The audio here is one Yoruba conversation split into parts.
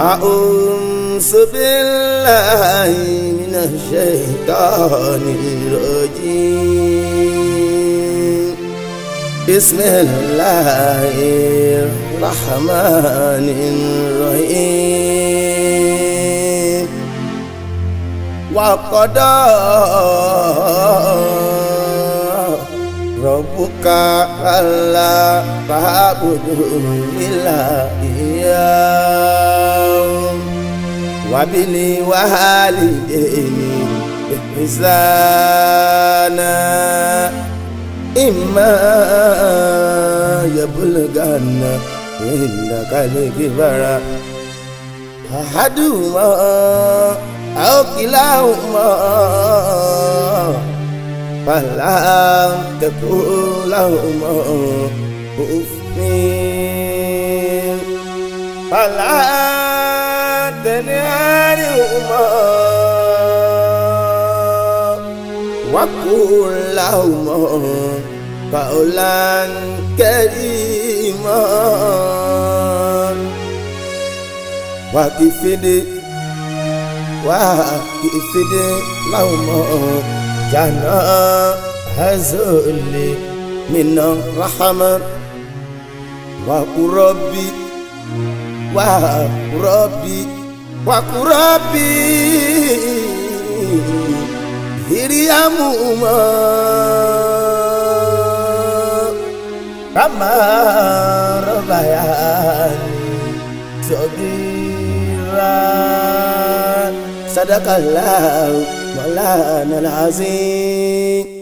أعوذ بالله من الشيطان الرجيم بسم الله الرحمن الرحيم وقضى ربك ألا تعبدوا إلا إياه وبني وهالديني إحسانا إما يبلغن عندك الكبر أحدهما أو كلاهما فلا تكن لهما أف فلا دنيانهما وقل لهما قولا كريما وكفد وكفد لهما جناح الذل من الرحمة وقل ربي وقل ربي وقل ربي إريامهما كما ربياني صغيرا صدق الله مولانا العظيم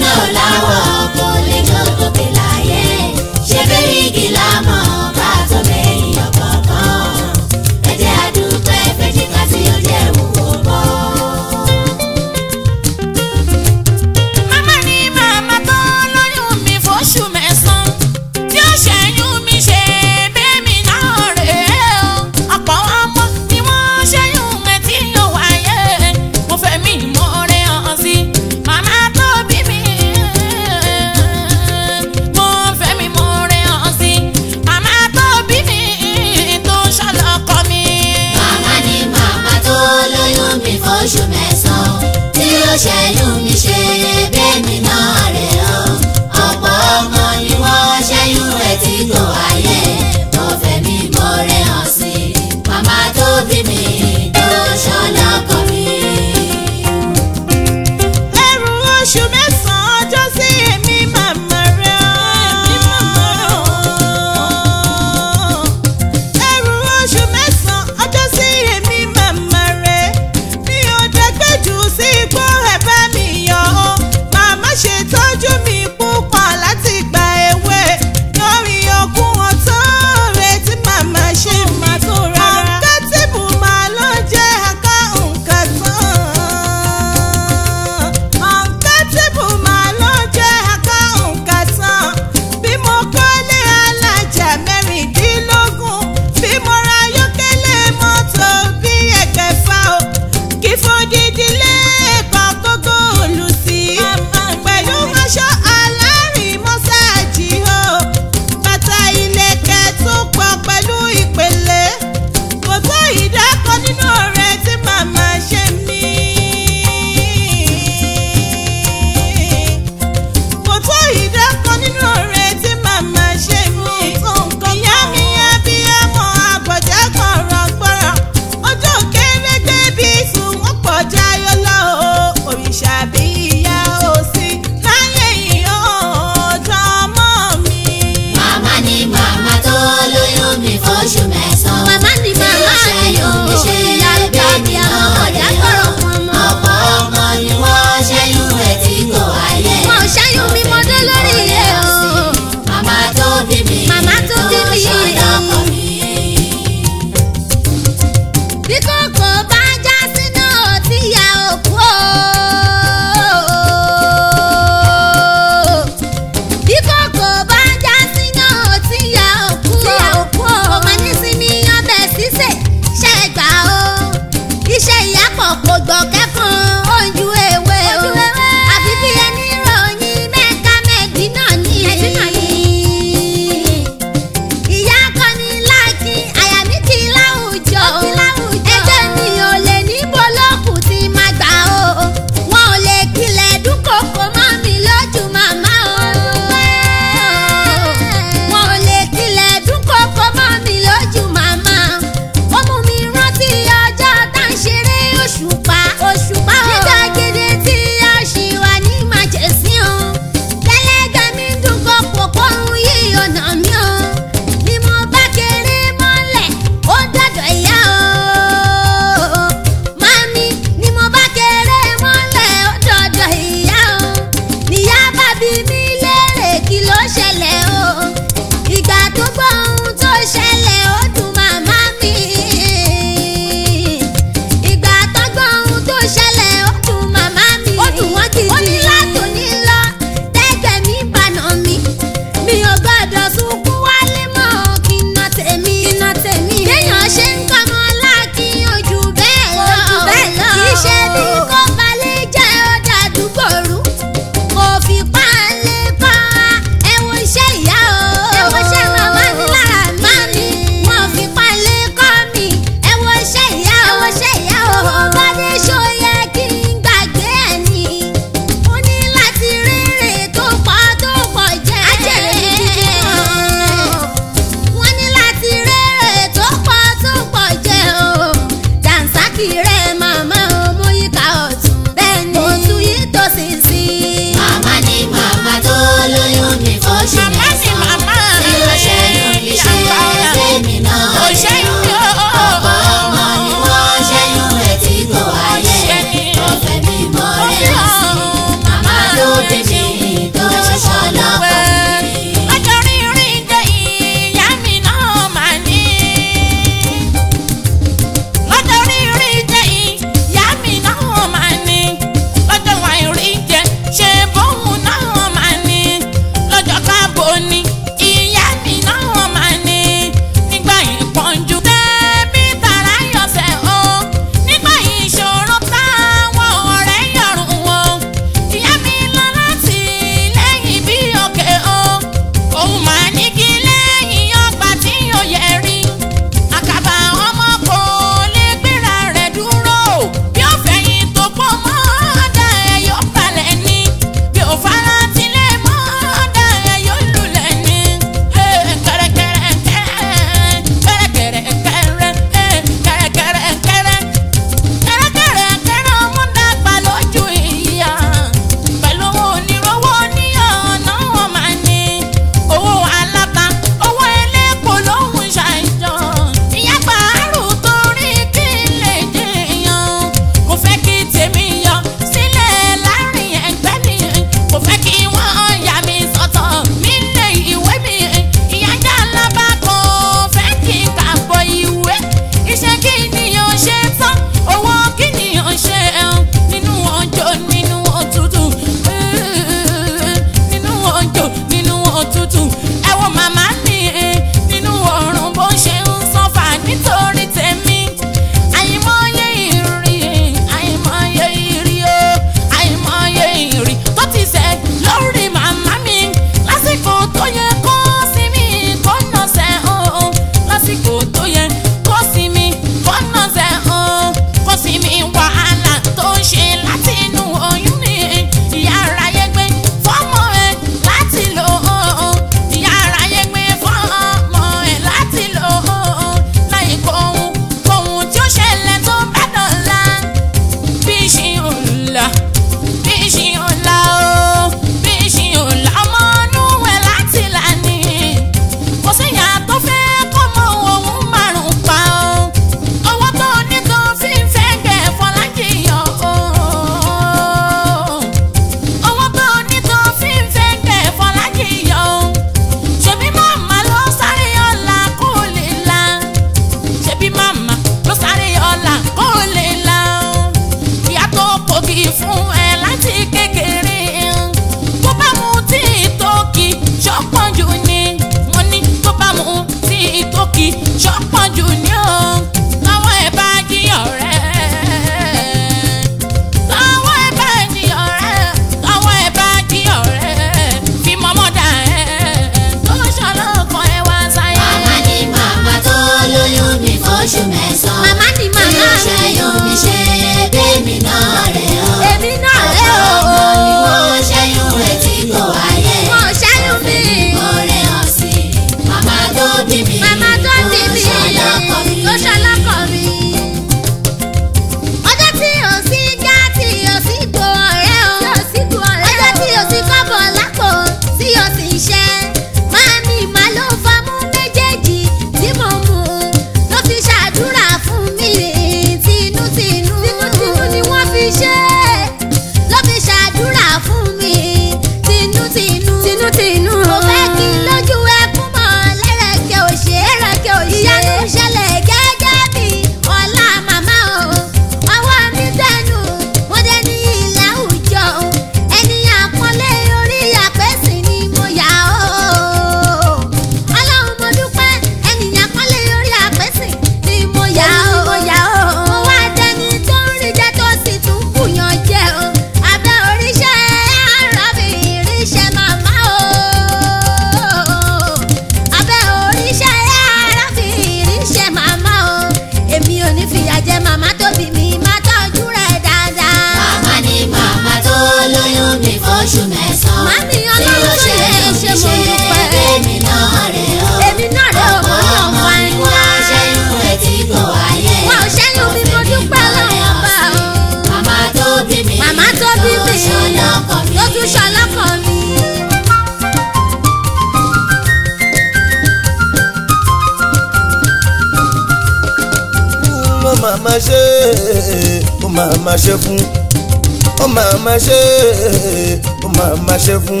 ó máa ma ṣe fún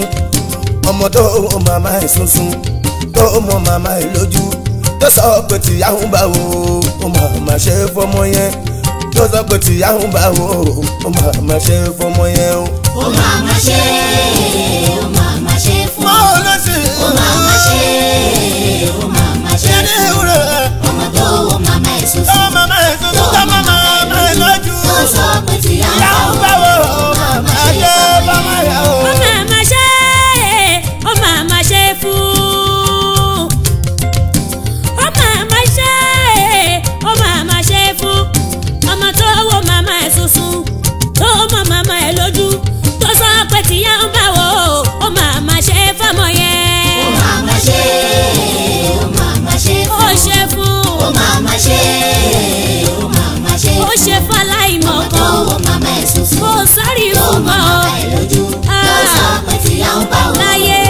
ọmọ tó ó máa ma sunsun tó ó mọ màmá ẹ lójú tó sọ pé tìyá bá wo ó máa ma ṣe fọmọ yẹn tó sọ pé tìyá bá wo ó máa ma ṣe fọmọ yẹn o. ó máa ma ṣe ó máa ma ṣe fún ọ o máa ma ṣe ó máa ma ṣe fún ọmọ tó ó máa ma ẹ sunsun tó ó máa ma lójú tó sọ pé. fọláìmọ̀ kan. ọkọ wo mama ẹ̀ tuntun. kò sọ́rí fún mọ́. Ah. tó láyé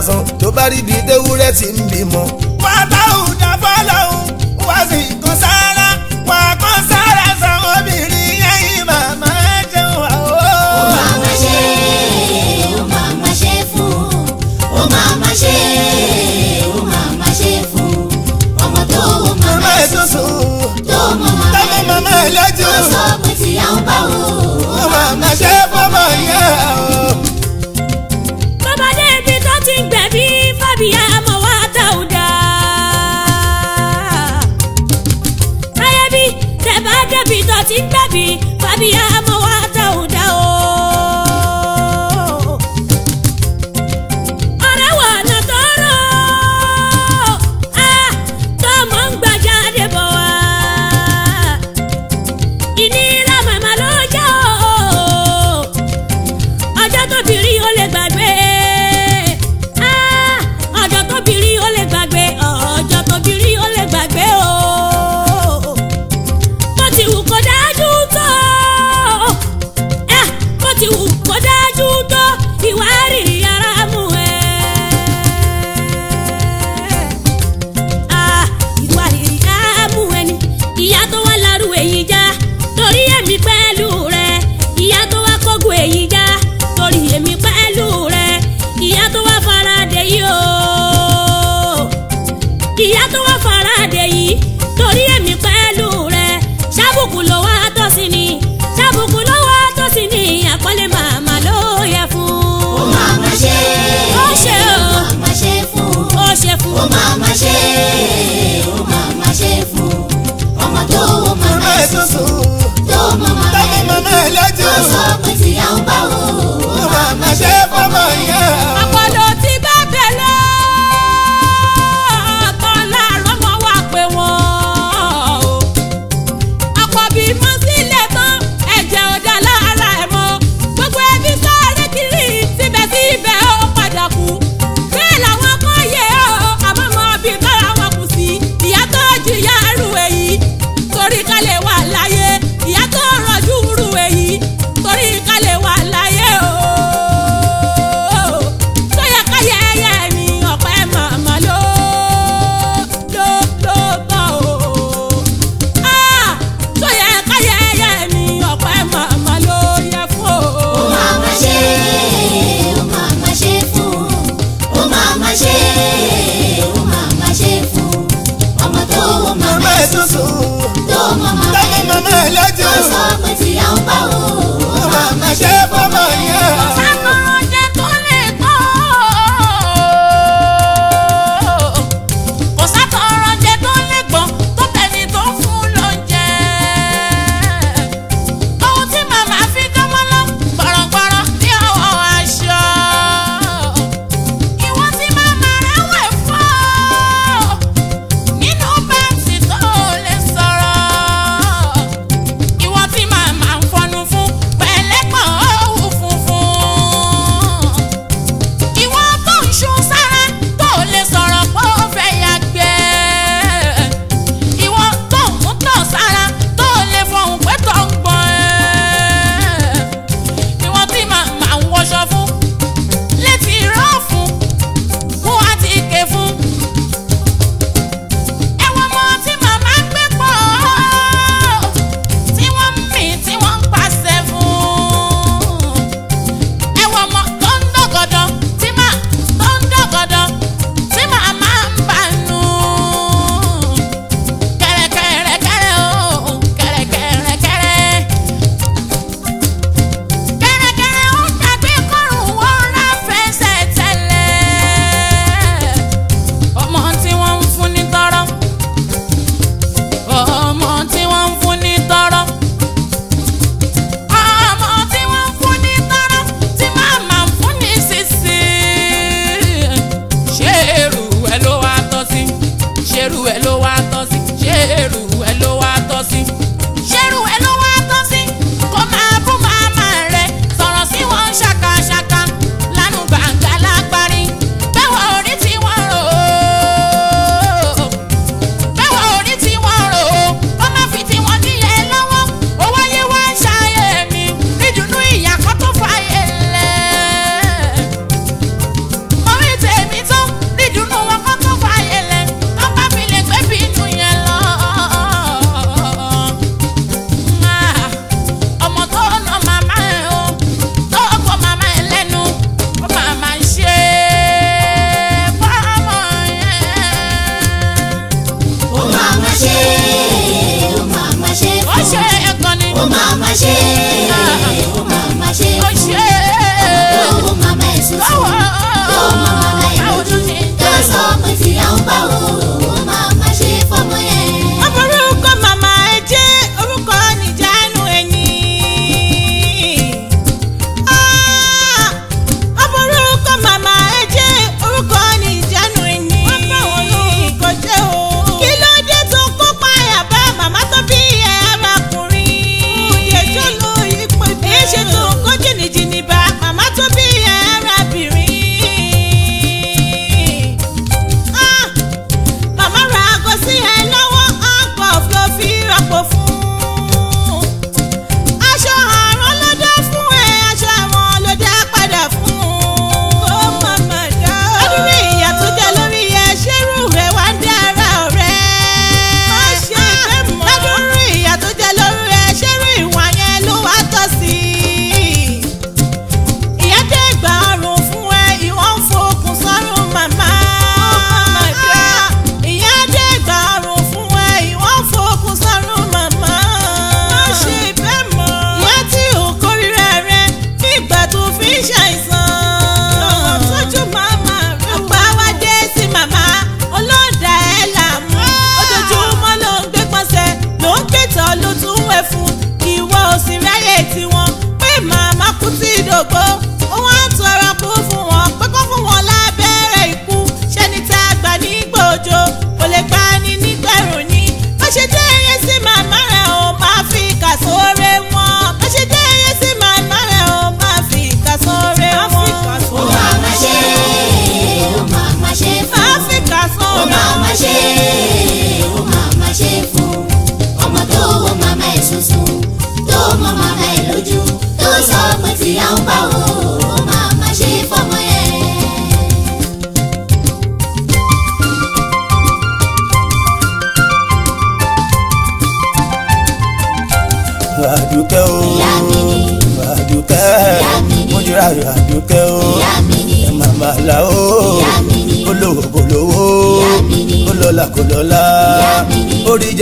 lásán tó bá rí ibi tewúrẹ́ ti ń bímọ. wàá táwọn Fabi, Fabi,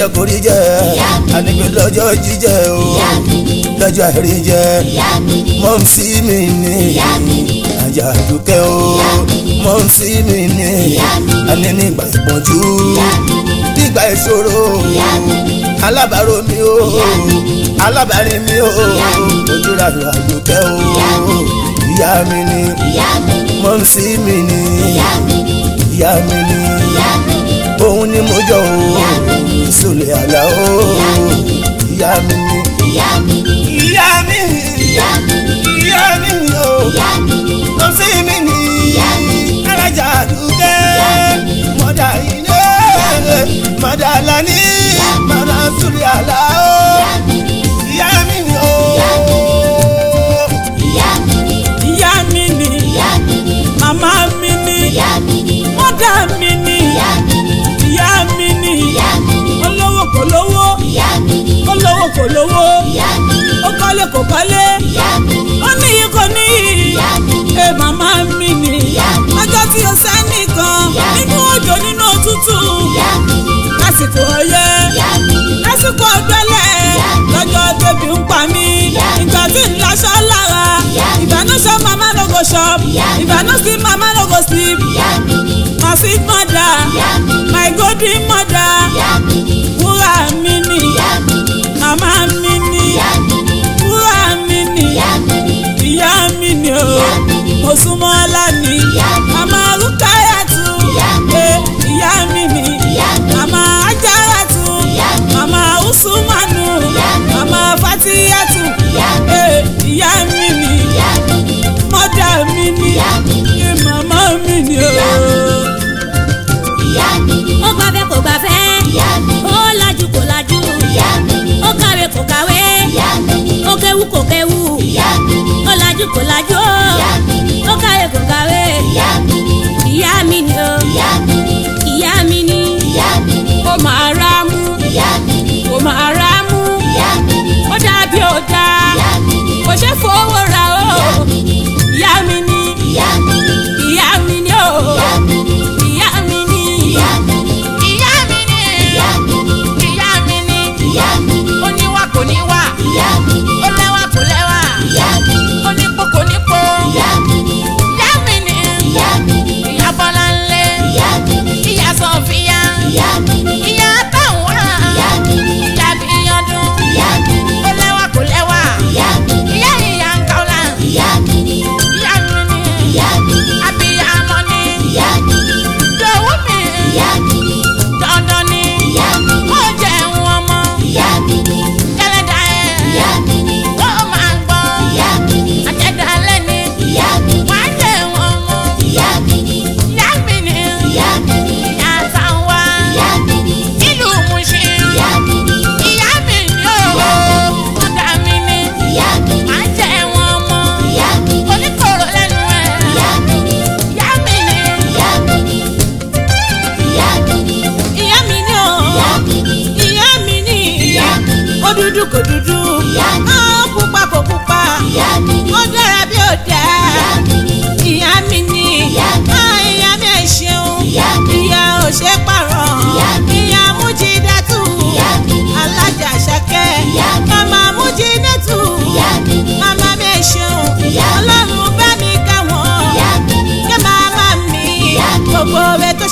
jẹ́ kórí jẹ́ ànígbé lọ́jọ́ o lọ́jọ́ àìrí jẹ́ mọ́ ń sí mi ní àjà o mọ́ ń sí mi ní àní nígbà ìpọ́njú nígbà ìṣòro alábàárò mi o alábàárín mi o ojúra lọ àdúkẹ́ o ìyá mi ni mọ́ ń sí mi ní ìyá mi ni òun ni mo jọ o. Sule Alao ìyá Yamini, Yamini, Yamini, Yamini, Yamini, ìyá mi ni ìyá mi ni ìyá mi ni o ìyá mi ni lọ́sí mi ni ìyá mi ni alájà àdúgbẹ́ mọ̀dà ilé mọ̀dà lani mọ̀dà Sule Alao ìyá Yamini, ni o. ìyá mi ni ìyá mi ni ìyá mi ni màmá mi ni ìyá mi ni mọ̀dà mi ni ìyá mi ni ìyá mi. lówó kò lówó ó kọ́lé kò kọ́lé ó níyì kò níyì ẹ màmá mi ni ọjọ́ tí o sẹ́nìkan nínú òjò nínú òtútù lásìkò ọyẹ́ lásìkò ọgbẹ́lẹ̀ lọ́jọ́ tẹ̀bí ń pa mí ìgbà tí ń laṣọ lára ìbánúṣọ mama no go shop ìbánúṣí mama no go sleep my sweet mother my golden mother wúrà mi ni màmá mi ni búrà mi ni ìyá mi ni o Mosúnmọ́lá ni màmá Rúkáyàtù ìyá mi ni. kò kàwé ó kéwú kò kéwú ó lajú kò lajú ó kàwé kò kàwé.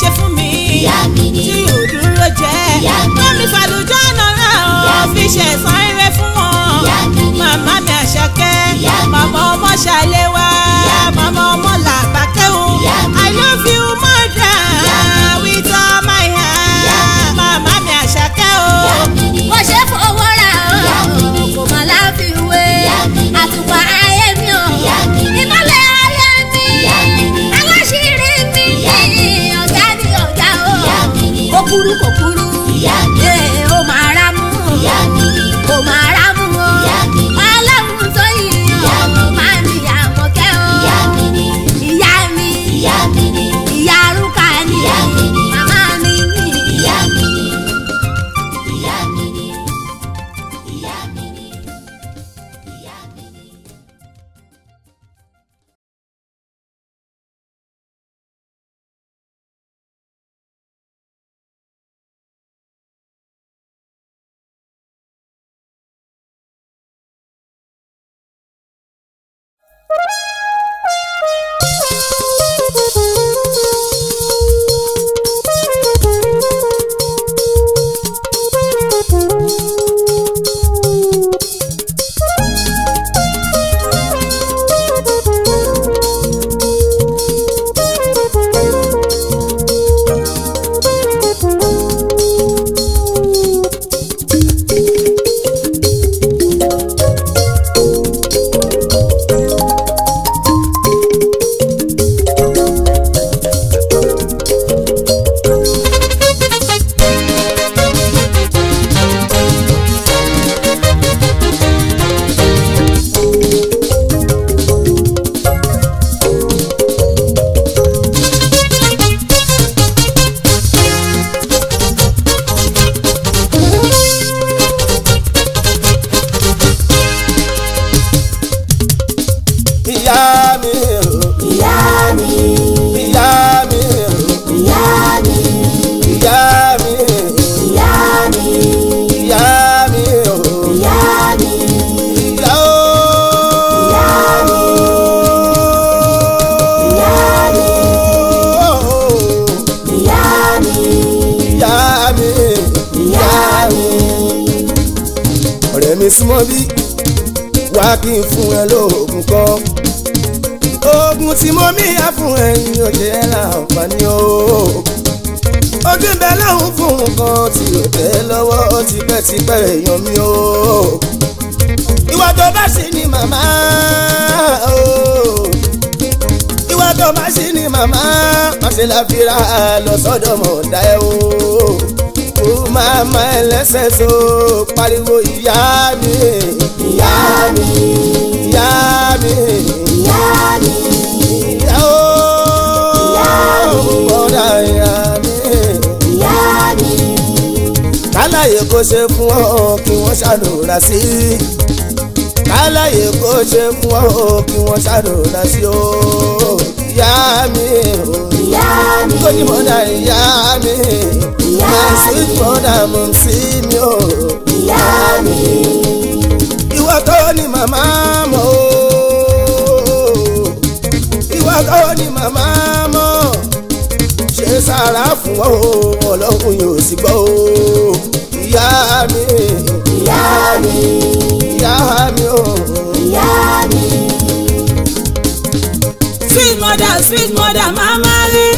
ṣe fún mi tí ò dúró jẹ́ bá mi fàlùjọ́ ànàrà ọ̀ fi ṣẹ̀san rere fún wọn màmá mi àṣàkẹ́ màmá ọmọ ṣàlẹ̀ wá màmá ọmọ làbákẹ́ o I love you. oògùn tí mo mí yá fún ẹ̀yin ò ṣe é ra ọ̀pá o. ojú bẹ lọ́hùn fún nǹkan tí ò tẹ́ lọ́wọ́ ó èèyàn mi o. ìwà tó bá sì ni màmá o. ìwà tó bá sì ni màmá má ṣe lọ sọ́dọ̀ mọ̀ọ́dá ẹ o. ó máa ma ẹlẹ́sẹ̀ so pariwo ìyá mi. ìyá mi. ìyá mi. ìyá mi ọ̀dà ìyá mi. ìyá mi. káláyé kó ṣe fún ọ kí wọ́n ṣàdúrà sí i. káláyé kó ṣe fún ọ kí wọ́n ṣàdúrà sí i. ìyá mi. ìyá mi. kó ní mọ́dà ìyá mi. ìyá mi. sweet mother mo ń sí mi o. ìyá mi. ìwọ tó ní màmá mọ́ o. ìwọ tó ní màmá mọ́ o ara fún ọ ọlọ́run yóò sì gbọ́ o ìyá mi. ìyá mi. ìyá mi o. ìyá mi. sweet mother sweet mother mama rí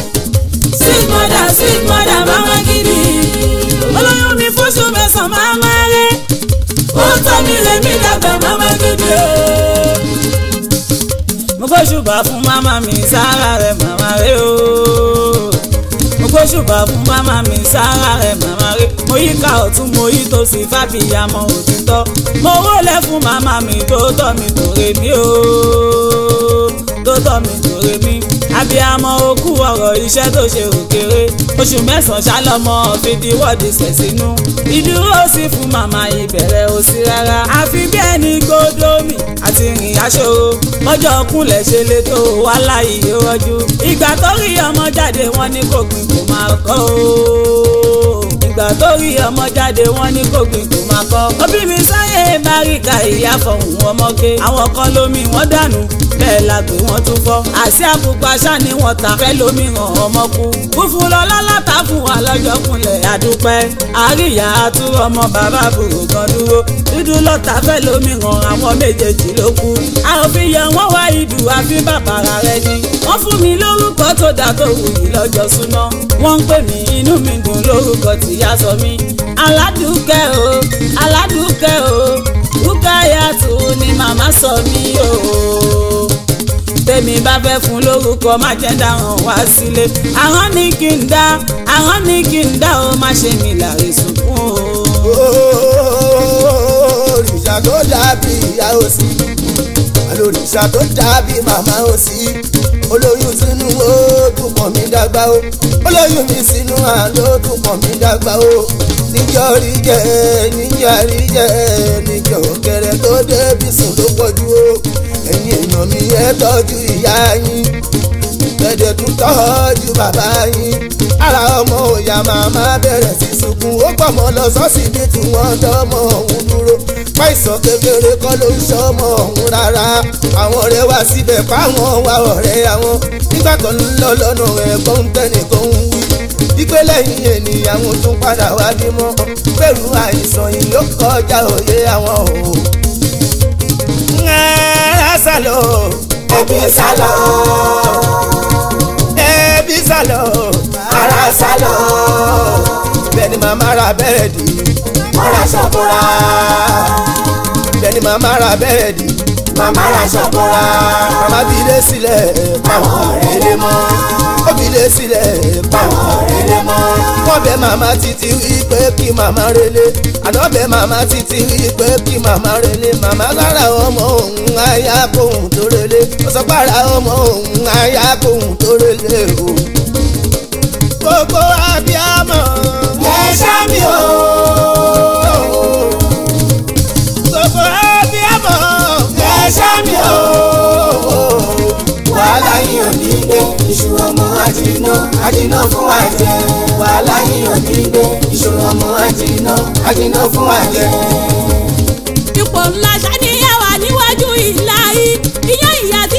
sweet mother sweet mother mama gidi olóyún mi fóṣù mẹ́sàn-án mama rí ó tọ́ mi lèmi dàgbà mama gidi o. mo fẹ́ ṣùgbọ́n fún mama mi sára rẹ̀ mama rí o gbóṣùbà fún màmá mi sára rẹ̀ màmá rẹ̀ mo yí ká ọ̀tún mo yí tòsí fàbíyàmọ̀ òtítọ́ mo wólẹ̀ fún màmá mi tó tọ́ mi tòrè mi ó tó tọ́ mi tòrè mi abiyamọ okú ọ̀rọ̀ iṣẹ́ tó ṣe òkèrè oṣù mẹ́sàn-án ṣálọ́mọ fi diwọ́dì sẹ̀ sínú ìdúró sí fún màmá ìbẹ̀rẹ̀ òsì rárá àfi bí ẹni gbódómì àti rìn aṣòro mọ́jọ́ kúnlẹ̀ ṣe lè tó wá láyé rọ́jú ìgbà tó rí ọmọ jáde wọ́n ní kò gbìn kò máa kọ́ o ìgbà tó rí ọmọ jáde wọn ní kò gbìn kò máa kọ. òbí mi sáyé máríkà ìyá fọ̀hún ọmọge àwọn kan lómi wọn dànù bẹ́ẹ̀ làgùn wọn tún fọ́. àṣẹ àbùkù àṣà ni wọ́n ta fẹ́ lómi hàn ọmọ kú. fúnfun lọ́lá látà fún wa lọ́jọ́ kúnlẹ̀ àdúpẹ́. àríyá àtúrọ̀ ọmọ bàbá àbúrò kan dúró. dúdú lọ́tà fẹ́ lómi hàn àwọn méjèèjì ló kú. a ò fi yan wọ́n wá ìdù àfi bàbá rẹ ni. wọ́n fún mi lórúkọ tó dáa tó wù yìí lọ́jọ́ súná. wọ́n ń pè mí inú mi dùn lórúkọ tìyá sọ mí. aládùúkẹ́ o aládùúkẹ́ o dúkẹ́ yàtọ̀ ni màmá sọ mí o tèmi bá fẹ́ fún lórúkọ má jẹ́ dáhùn wá sílé ahọ́n ní kí n dá ahọ́n ní kí n dá o má ṣe mi láre sunkún o. òrìṣà tó dàbí ìyá òsì àlòrìṣà tó dàbí màmá òsì olóyún sínú oògùn pọ̀ mí dàgbà o olóyún mi sínú àlòdùn pọ̀ mí dàgbà o níjọ́ rí jẹ́ níjọ́ rí jẹ́ níjọ́ kẹrẹ tó débi sùn ló pọ̀ jù o ẹ̀yin èèyàn mi ẹ tọ́jú ìyá yín tẹ̀dẹ̀ tún tọ́jú bàbá yín ara ọmọ òyà màmá bẹ̀rẹ̀ sí sunkún ó pọ̀mọ́ lọ sọ́sibítù wọn dánmọ òun dúró pàìsàn kékeré kọ́ ló ń ṣọmọ òun rárá àwọn ọ̀rẹ́ wá síbẹ̀ fáwọn wa ọ̀rẹ́ àwọn nígbà kan ń lọ lọ́nà ẹ̀gbọ́n tẹnìkan ń wí wípé lẹ́yìn ènìyàn àwọn tún padà wá bímọ pẹ̀lú àìsàn yìí ló kọjá òye àwọn o sálọ. ẹbí sálọ. ẹbí sálọ. ara sálọ. bẹ́ẹ̀ni màmá ra bẹ́rẹ̀ dì. mọ́ra ṣọ́bùrà. bẹ́ẹ̀ni màmá ra bẹ́rẹ̀ dì. Mama ra ṣọ́kúra. màmá bí lé sílẹ̀ pàwọn ọ̀rẹ́ lé mọ́. ó bí lé mama pàwọn ọ̀rẹ́ lé mọ́. wọ́n bẹ màmá títí wípé kí màmá relé. àná bẹ màmá títí wípé kí màmá relé. màmá lára ọmọ òun aya kóhun tó relé. ó ọmọ òun aya kóhun tó relé gbogbo abiyamọ. lẹ ṣá mi o. ṣá mi o wàhálà yìí ò ní gbé iṣu ọmọ àjìnà àjìnà fún àjẹ wàhálà yìí ò ní gbé iṣu ọmọ àjìnà àjìnà fún àjẹ. ipò ńlá ṣáníyàwó níwájú ìlà yìí ìyá ìyá tí.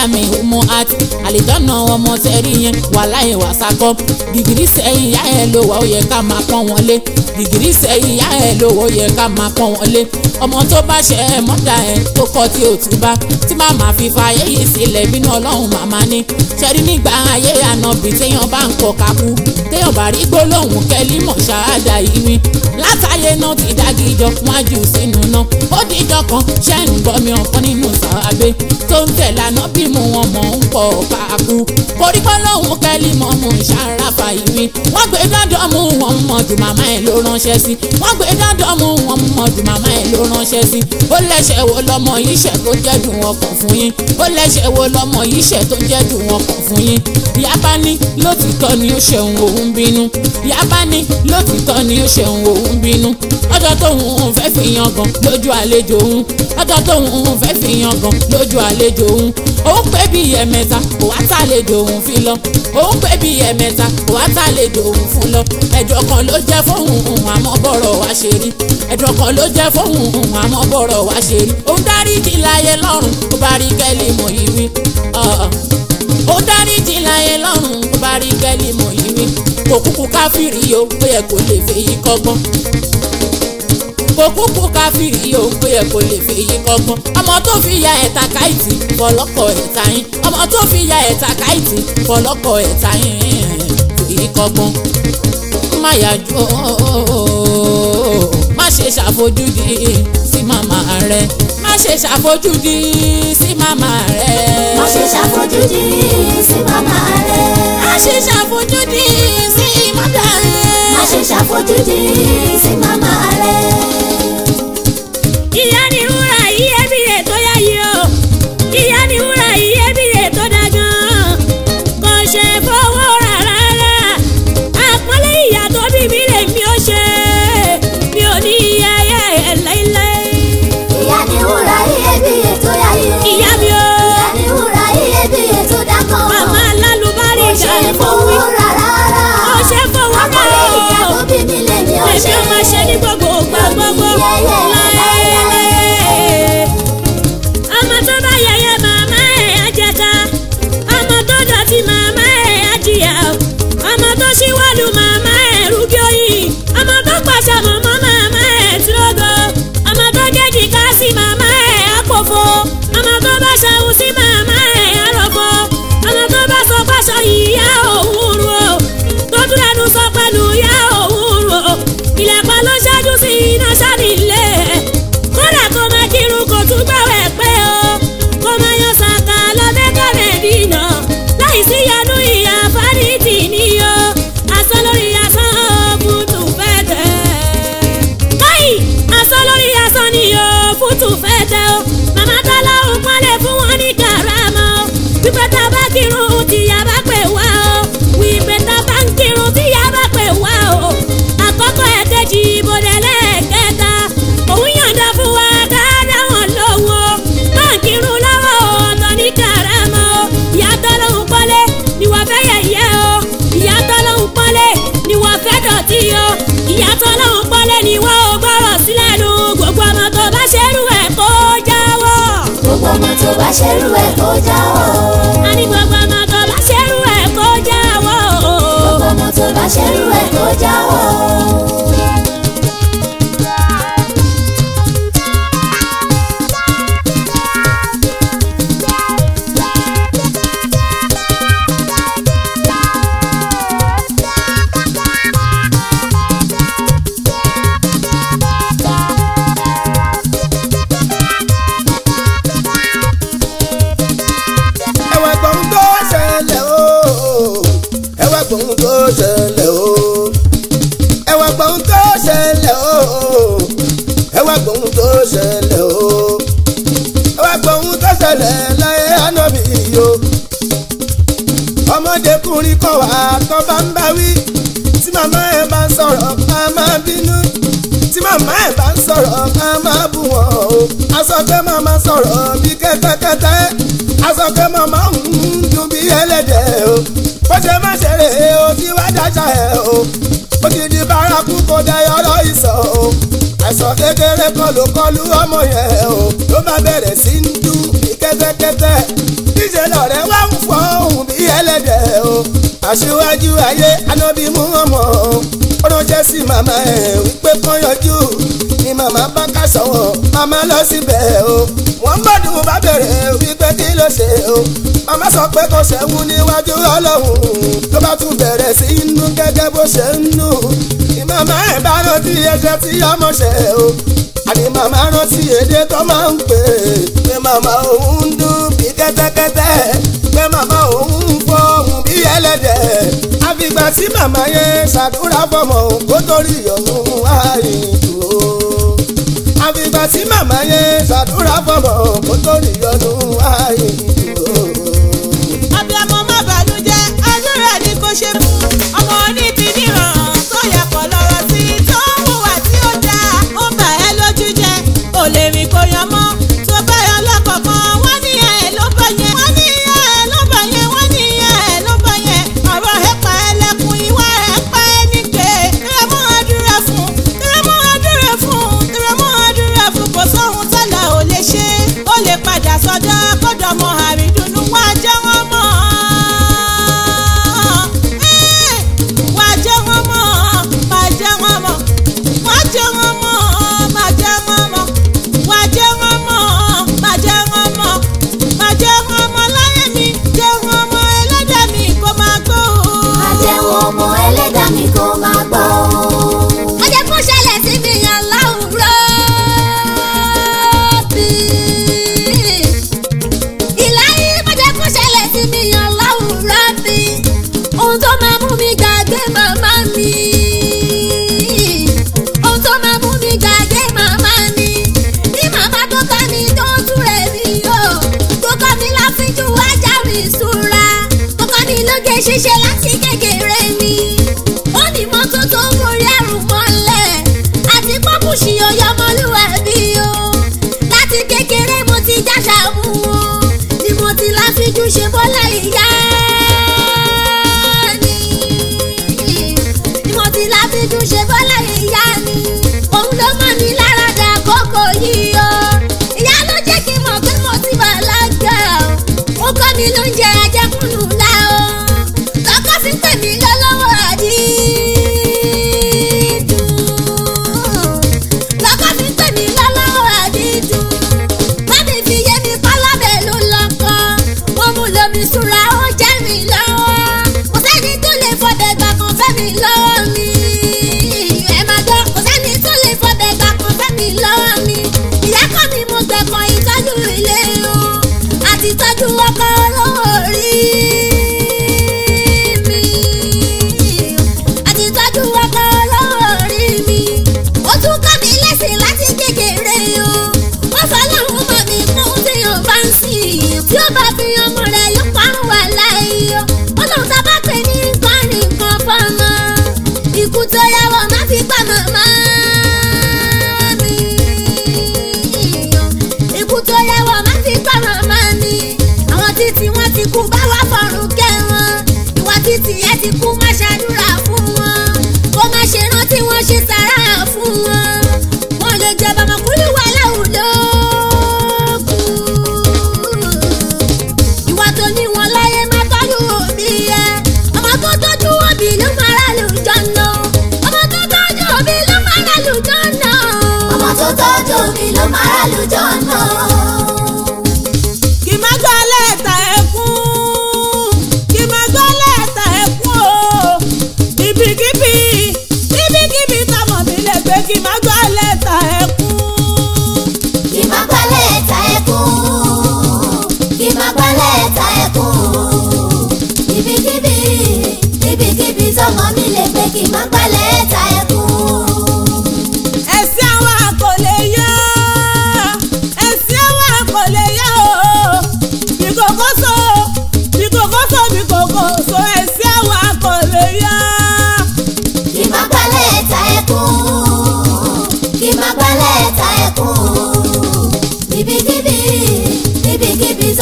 that me human heart àlìjọ́nà ọmọ sẹ́rí yẹn wà láì wà sakọ́ gìgìrì sẹ́yìn ìyá ẹ̀ ló wà ó yẹ ká máa pọ́n wọn lé gìgìrì sẹ́yìn ìyá ẹ̀ ló wà ó yẹ ká máa pọ́n wọn lé ọmọ tó bá ṣe ẹ mọ́dà ẹ tó kọ́ tí ò tún bá tí màmá fi fa ayé yìí sílẹ̀ bínú ọlọ́run màmá ní ṣẹ́rí nígbà ayé ànàbì téèyàn bá ń kọ kakú téèyàn bá rí gbólóhùn kẹ́límọ̀ ṣáájà yìí ni látàyé náà ti dágíjọ wájú sínú náà ó díjọ kan ṣẹ́ ń gbọ́ mi ọ̀kan nínú sàábé tó ń tẹ̀ lánàá bí mo wọn mọ̀ ń pọ̀ ọ̀ka àkú koríko lòun kẹ́lí mọ́ mọ́ ṣàràfà ìwé wọ́n gbé dọ́dọ̀ mú wọn mọ̀ jù màmá ẹ̀ ló ránṣẹ́ sí wọ́n gbé dọ́dọ̀ mú wọn mọ̀ jù màmá ẹ̀ ló ránṣẹ́ sí ó lẹ́ṣẹ̀ wo lọ́mọ yìí ṣẹ̀ tó jẹ́ dùn wọn kàn fún yín ó lẹ́ṣẹ̀ wo lọ́mọ yìí ṣẹ̀ tó jẹ́ dùn wọn kàn fún yín yaba ni lótìtọ́ ni ó ṣeun òun bínú yaba ni lótìtọ́ ni ó ṣeun òun bínú ọjọ́ tóun òun fẹ́ fi yan gan lójú àlejò òun ọjọ́ tóun òun fẹ́ fi yan gan lójú àlejò òun ó ń pè bí ẹ̀mẹ́ta kò wá tà lè dòun fi lọ ó ń pè bí ẹ̀mẹ́ta kò wá tà lè dòun fún lọ ẹ̀jọ̀ kan ló jẹ́ fóun àmọ́ bọ̀rọ̀ wá ṣe rí ẹ̀jọ̀ kan ló jẹ́ fóun àmọ́ bọ̀rọ̀ wá ṣe rí ó ń dáríjì láyé lọ́rùn ó bá rí kẹ́lí mọ̀ yìí wí ó dáríjì láyé lọ́rùn ó bá rí kẹ́lí mọ̀ yìí wí kò kúkú káfíìrì o pé ẹ kò lè fèyí kọ́gbọ́n kò kúkú ká fi iye òǹpẹ ẹ̀ kò lè fi iye kankan ọmọ tó fi ya ẹ̀ta káìtì fọlọ́kọ̀ ẹ̀ta yín ọmọ tó fi ya ẹ̀ta káìtì fọlọ́kọ̀ ẹ̀ta yín fi kankan má yàjú ooo má ṣe ṣàfojúdi sí màmá rẹ má ṣe ṣàfojúdi sí màmá rẹ. má ṣe ṣàfojúdi sí màmá rẹ. má ṣe ṣàfojúdi sí màmá rẹ. má ṣe ṣàfojúdi sí màmá rẹ. ṣe ó máa ṣe ní gbogbo gbogbo. tó bá ṣerú ẹ̀ kó jáwọ́. a ní gbogbo ọmọ tó bá ṣerú ẹ̀ kó jáwọ́. gbogbo ọmọ tó bá ṣerú ẹ̀ kó jáwọ́. sọ̀rọ̀ bí kẹ́tẹ́kẹ́tẹ́ asọ̀kẹ́ màmá ń dùn bí ẹlẹ́dẹ̀ o bó ṣe má ṣeré o tí wá dájà ẹ̀ o ó ti di bárakú kó dẹyọ ọ̀rọ̀ ìsọ̀ o àìsàn kékeré kan ló kọlù ọmọ yẹn o ló bá bẹ̀rẹ̀ sí ń dùn bí kẹ́tẹ́kẹ́tẹ́ níṣẹ́ lọ̀rẹ́ wá ń fọ́ òun bí ẹlẹ́dẹ̀ o aṣíwájú ayé anábìmú ọmọ o ránṣẹ́ sí màmá ẹ̀ wípé kán yọjú ni màmá bá ká sọ̀wọ́ màmá lọ síbẹ̀ o wọ́n gbọ́dún bá bẹ̀rẹ̀ wípé kí ló ṣe o màmá sọ pé kò ṣẹ́wó níwájú ọlọ́run ló bá tún bẹ̀rẹ̀ sí inú gẹ́gẹ́ bó ṣe ń nù ni màmá ẹ̀ bá rántí ẹ̀ṣẹ̀ tí ọmọ ṣẹ̀ o àní màmá rántí èdè tó máa ń pè pé màmá òun dùn bí kẹ́tẹ́kẹ́tẹ́ pé màmá òun fọ́ òun bí ẹlẹ́dẹ̀ẹ́ ìgbà tí màmá yẹn ṣàdúrà fọmọ kó torí ìyọnu àìtú o. àfìgbà tí màmá yẹn ṣàdúrà fọmọ kó torí ìyọnu àìtú.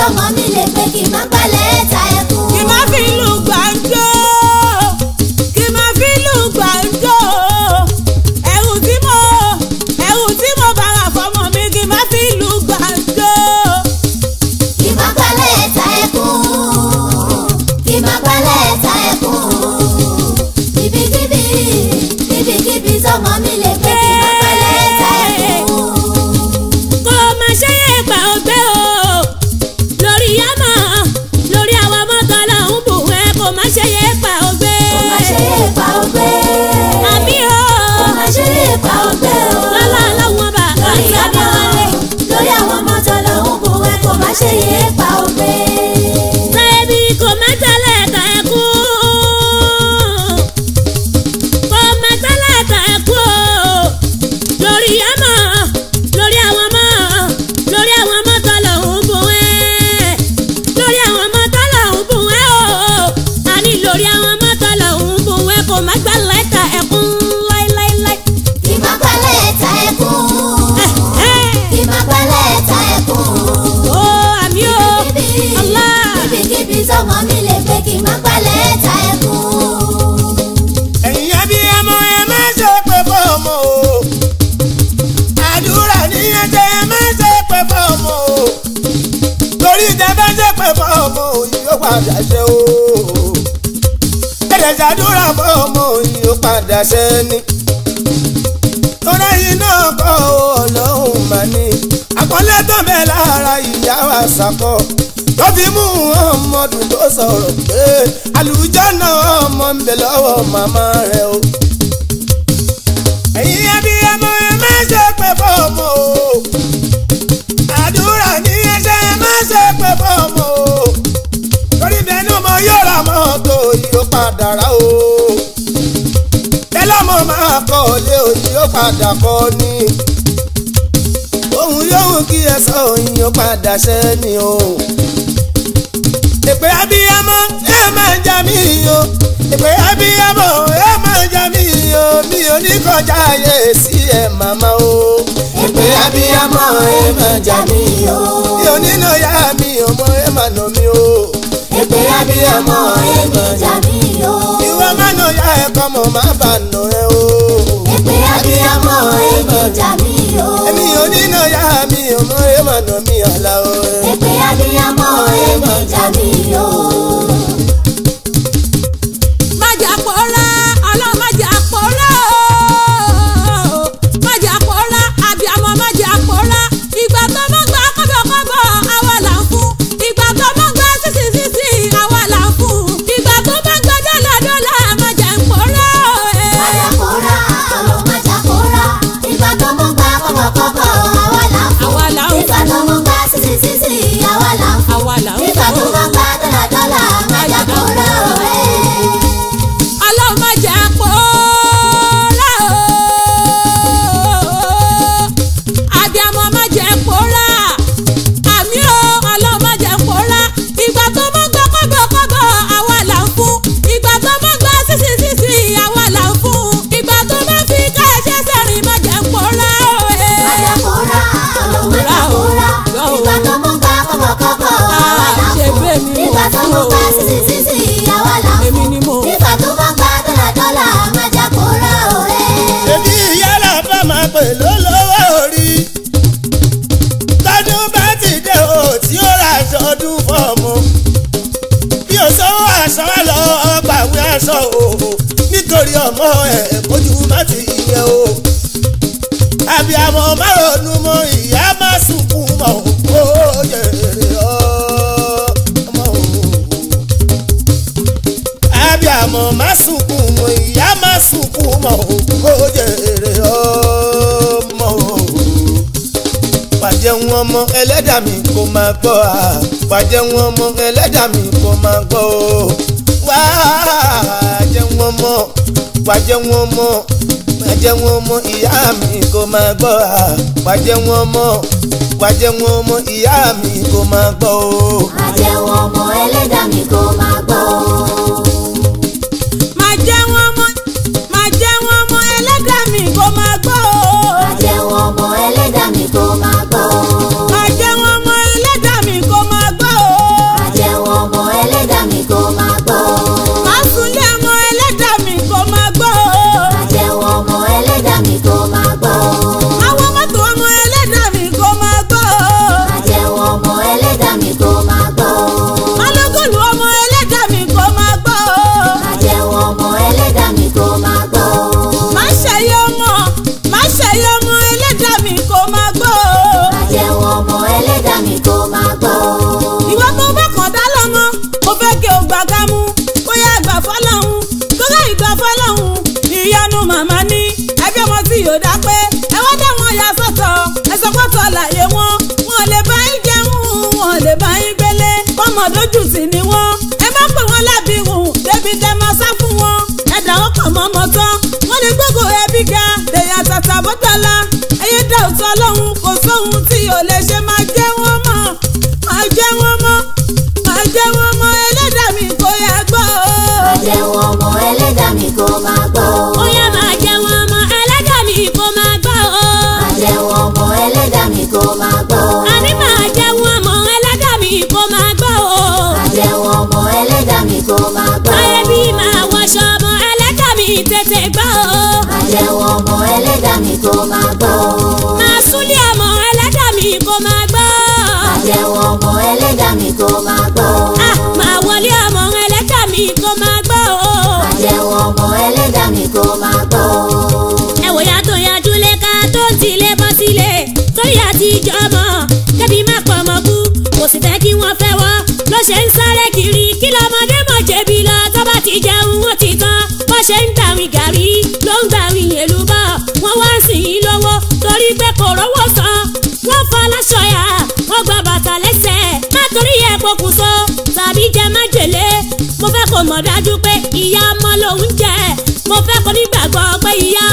ọmọ mi lè pé kí n má gbalẹ̀. aláṣẹ ni. tọ́lá yìí náà kọ́ ọlọ́run mà ní. àkọlé tó bẹ̀ lára ìyá wa ṣàkọ. tó fi mú ọmọdún tó sọ̀rọ̀ pé àlùjọ náà ọmọ ń bẹ lọ́wọ́ màmá rẹ o. ẹ̀yin ẹbí ọmọ ẹ má ṣe pé fọ́ọ̀mù o. àdúrà ní ẹsẹ̀ ẹ má ṣe pé fọ́ọ̀mù o. torí bẹ́ẹ̀ ni ọmọ yóò ra mọ́tò yóò padà rà o mọ̀ máa kọ́ òlé òní ó padà kọ́ ni òun yóò kí ẹ sọ òyìn ó padà ṣẹ́ ni o èpè abiyamọ ẹ máa ń jà mí o èpè abiyamọ ẹ máa ń jà mí o mi ò ní kọjá ayé sí ẹ màmá o. èpè abiyamọ ẹ máa ń jà mí o. mi ò nínú ya mi ọmọ ẹ máa nà mí o. èpè abiyamọ ẹ máa ń jà mí o kó má nù yá ẹ kọ́ mo má bà nù ẹ o. èpè abiyamọ èmi jà mí o. èmi ò nínú yá mi ò mọ èèmọ̀ nù mí ọ̀la o. èpè abiyamọ èmi jà mí o. wá jẹ́ wọn mọ ẹlẹ́dà mi kò máa gbọ́ o wá jẹ́ wọn mọ wá jẹ́ wọn mọ wá ìyá mi kò máa gbọ́ a wá jẹ́ wọn mọ wá jẹ́ ìyá mi kò máa gbọ́ o. wá jẹ́ wọn ẹlẹ́dà mi kò máa gbọ́. wá lọ́hùn ìyanu màmá ní ẹgbẹ́ wọn tí yóò dá pé ẹ wá bá wọn yà sọ́tọ̀ ẹ sọ pọ́tọ̀ àlàyé wọn wọn lè bá yín jẹun wọn lè bá yín gbélé ọmọ lójú sí ni wọn ẹ má pè wọn lábì hùn débi tẹ máa sá fún wọn ẹ̀dá wọn kàn mọ́ ọmọ wọn ní gbogbo ẹbí ga lèyàn tàtàbọ́tàlá ẹ̀yẹ́dà òtún ọlọ́run kò sóhun tí yóò lè ṣe má ṣọmọ ẹlẹ́dàá mi tètè gbọ́ o. àjẹwò ọmọ ẹlẹ́dàá mi kò máa gbọ́ o. máa ọmọ ẹlẹ́dàá mi kò máa gbọ́. àjẹwò ọmọ ẹlẹ́dàá mi kò máa gbọ́ torí pé kò rówó san wọ́n fọ́ láṣọ yá wọ́n gba bàtà lẹ́sẹ̀ má torí ẹ̀ pokùnso tàbí jẹ májèlé mo fẹ́ kó mọ̀ dájú pé ìyá ọmọ lòún jẹ mo fẹ́ kó nígbàgbọ́ pé ìyá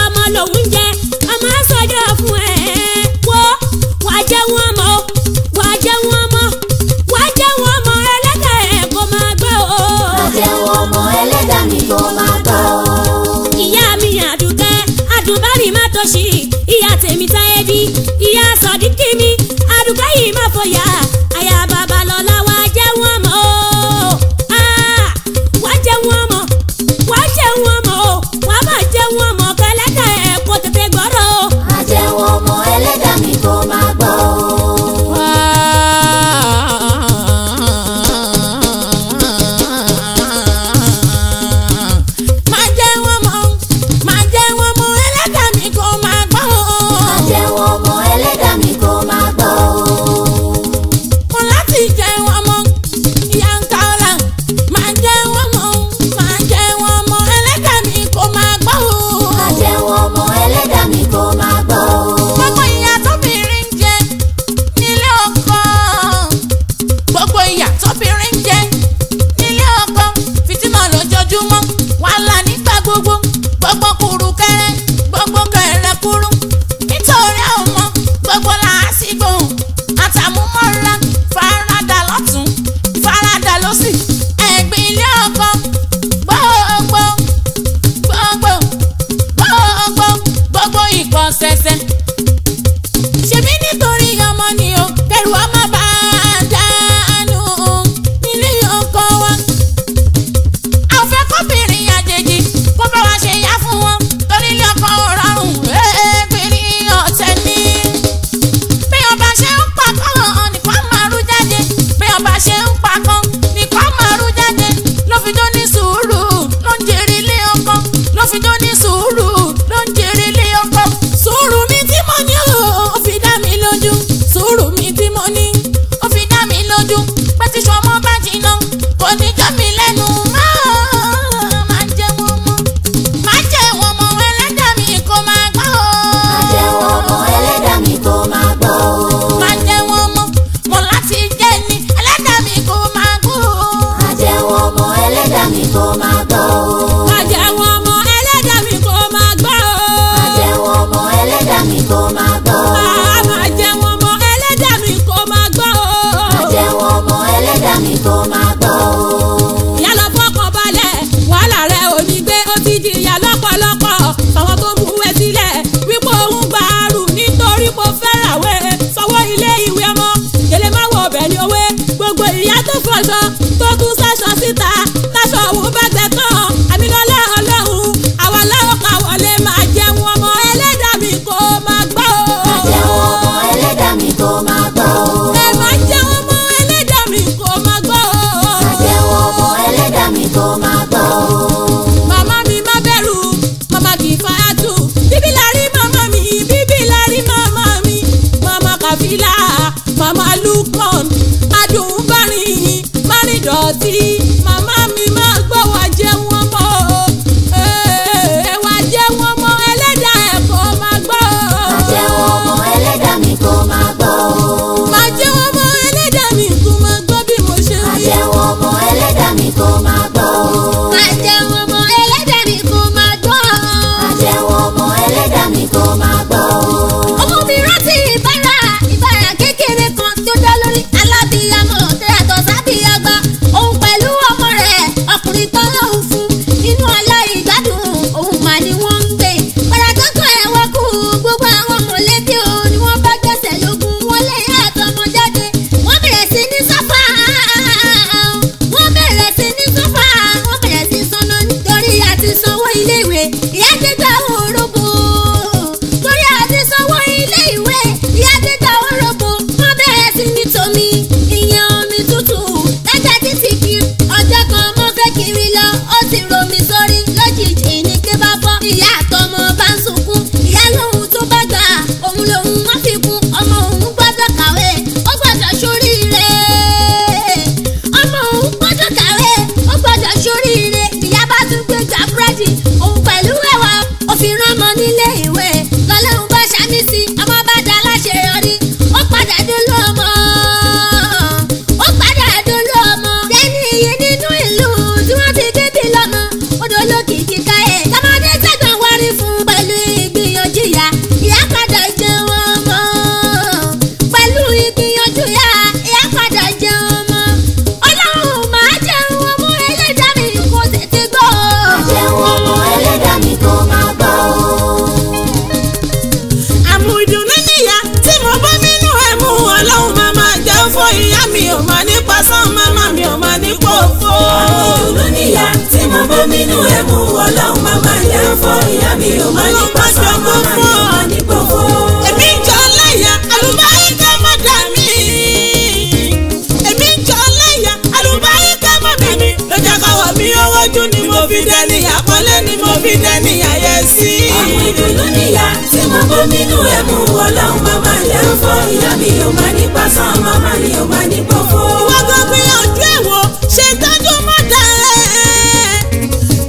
nínú ẹ̀mú ọlọ́run bàbá jẹ́ ń fọ́ ìyá mi ò máa nípa sàn màmá mi ò máa nípa fọ́. ìwọ gan pé ọjọ́ èwo ṣe ìtọ́jú mọ́ tẹ̀lé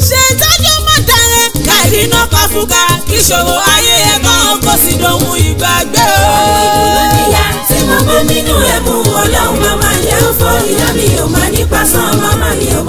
ṣe ìtọ́jú mọ́ tẹ̀lé káìrí náà pa fúga kí ṣòwò ayé ẹ̀ gan kó sì dohun ìgbàgbé o. ìyá mi ò máa nípa sàn màmá o.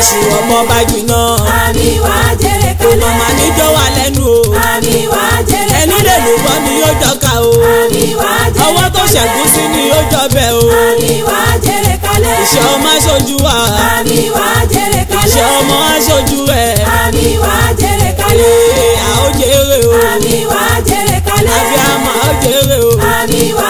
iṣu ọmọ bá jiná. àmì wá jèrè kálẹ̀. ọmọ máa ní jọ́wọ́ lẹ́nu o. àmì wá jèrè kálẹ̀. ẹni lè lò wọ́n ni yóò jọka o. àmì wá jèrè kálẹ̀. ọwọ́ tó ṣẹ̀gún sí ni yóò jọbẹ̀ o. àmì wá jèrè kálẹ̀. ìṣe ọmọ aṣojú wa. àmì wá jèrè kálẹ̀. ìṣe ọmọ aṣojú ẹ̀. àmì wá jèrè kálẹ̀. ee àójèrè o. àmì wá jèrè kálẹ̀. àbí àmà àójèrè o. àmì wá